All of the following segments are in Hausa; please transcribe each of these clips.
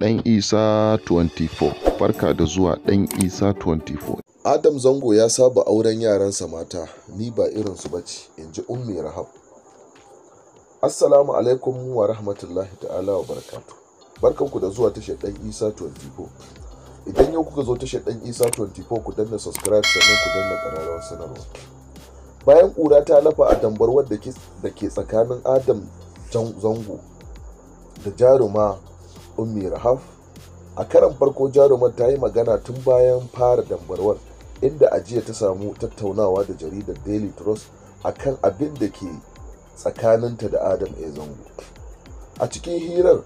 Ɗan Isa 24 Barka da zuwa Ɗan Isa 24 Adam Zango ya saba auren yaransa mata, ni ba irinsu ba ce, in ji Ummi Rahab. Assalamu alaikum wa rahmatullahi ta'ala wa barakatu. Barkanku da zuwa tashar Ɗan Isa 24. Idan yau kuka zo tashar Ɗan Isa 24 ku danna subscribe sannan ku danna ƙararrawar sanarwa. Bayan ƙura ta lafa a dambarwar da ke tsakanin Adam Zango da jaruma ummi rahaf a karan farko jarumar ta yi magana tun bayan fara dambarwar inda ajiya ta samu tattaunawa da jaridar daily trust a kan abin da ke tsakaninta da adam a zango a cikin hirar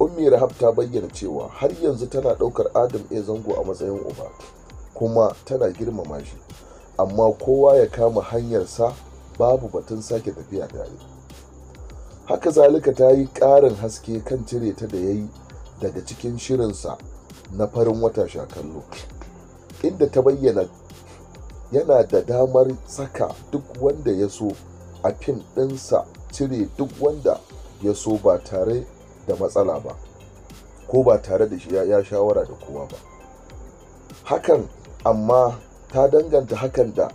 ummi rahaf ta bayyana cewa har yanzu tana ɗaukar adam a zango a matsayin uba kuma tana girmama shi amma kowa ya kama hanyarsa babu batun sake tafiya tare haka zalika ta yi ƙarin haske kan cire ta da ya yi daga cikin shirinsa na farin wata shakallo inda ta bayyana yana da damar saka duk wanda ya so a fim ɗinsa cire duk wanda ya so ba tare da matsala ba ko ba tare da shi ya shawara da kowa ba hakan amma ta danganta hakan da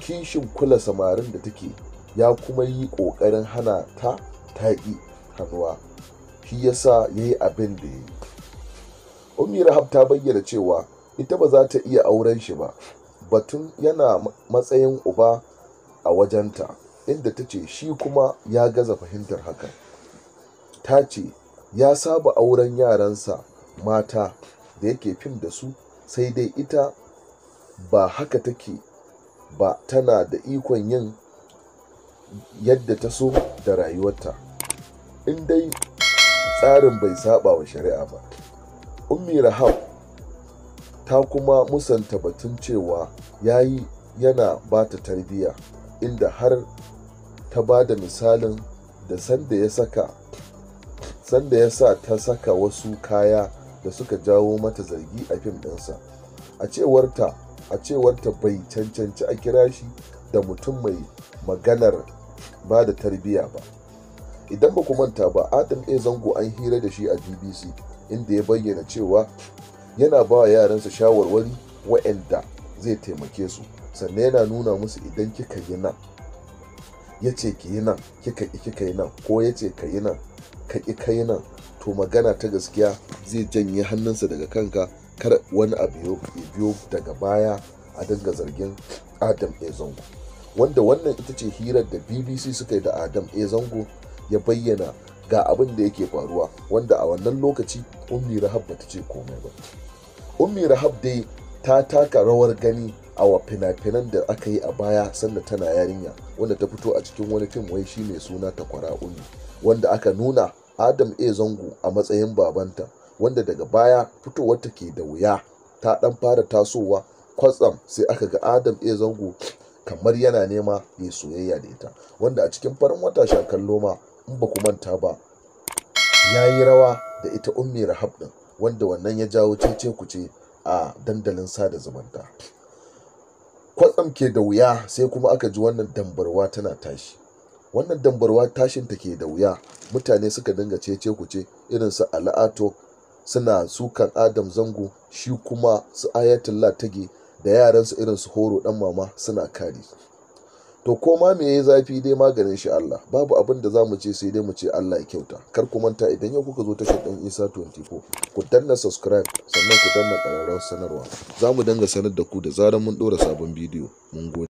kishin kula samarin da take ya kuma yi ƙoƙarin hana ta ta ƙi hannuwa shi yasa ya yi abin da ya yi ummi rahab ta bayyana cewa ita ba za ta iya auren shi ba batun yana matsayin uba a wajenta inda ta ce shi kuma ya gaza fahimtar hakan ta ce ya saba auren yaransa mata da yake fim da su sai dai ita ba haka take ba tana da ikon yin yadda ta so da rayuwarta in dai tsarin bai saba wa shari'a ba ummi rahab ta kuma musanta batun cewa yayi yana ba ta tarbiyya inda har ta ba da misalin da sanda ya saka sanda ya sa ta saka wasu kaya da suka jawo mata zargi a fim ɗinsa a cewarta a cewarta bai cancanci a kira shi da mutum mai maganar ba da tarbiyya ba idan ba ku manta ba adam a zango an hira da shi a bbc inda ya bayyana cewa yana ba wa yaransa shawarwari wa'anda zai taimake su sannan yana nuna musu idan kika yi nan ya ce ki yi nan kika ki kika yi nan ko ya ce ka yi nan ka ki ka yi nan to magana ta gaskiya zai janye hannunsa daga kanka kar wani abu ya biyo daga baya a dinga zargin adam a zango wanda wannan ita ce hirar da bbc suka yi da adam a zango ya bayyana ga abin da yake faruwa wanda a wannan lokaci ummi rahab bata ce komai ba ummi rahab dai ta taka rawar gani a wa fina-finan da aka yi a baya sanda tana yarinya wanda ta fito a cikin wani fim wai shi mai suna takwara ummi wanda aka nuna adam a zango a matsayin babanta wanda daga baya fitowar ta ke da wuya ta dan fara tasowa kwatsam sai aka ga adam a zango kamar yana nema ya soyayya da ita wanda a cikin farin wata shakan loma in ba ku manta ba ya yi rawa da ita ummi rahab din wanda wannan ya jawo cece kuce a dandalin sada zumunta kwatsam ke da wuya sai kuma aka ji wannan dambarwa tana tashi wannan dambarwa tashin ta ke da wuya mutane suka dinga cece kuce irin su ala'ato suna sukan adam zango shi kuma su ayatullah tage da yaransu irin su horo dan mama suna kari to ko ma me yayi zafi dai maganin shi Allah babu abin da zamu ce sai dai mu ce Allah ya kyauta kar ku manta idan yau kuka zo tashar dan Isa 24 ku danna subscribe sannan ku danna ƙararrawar sanarwa zamu danga sanar da ku da zarar mun ɗora sabon bidiyo mun gode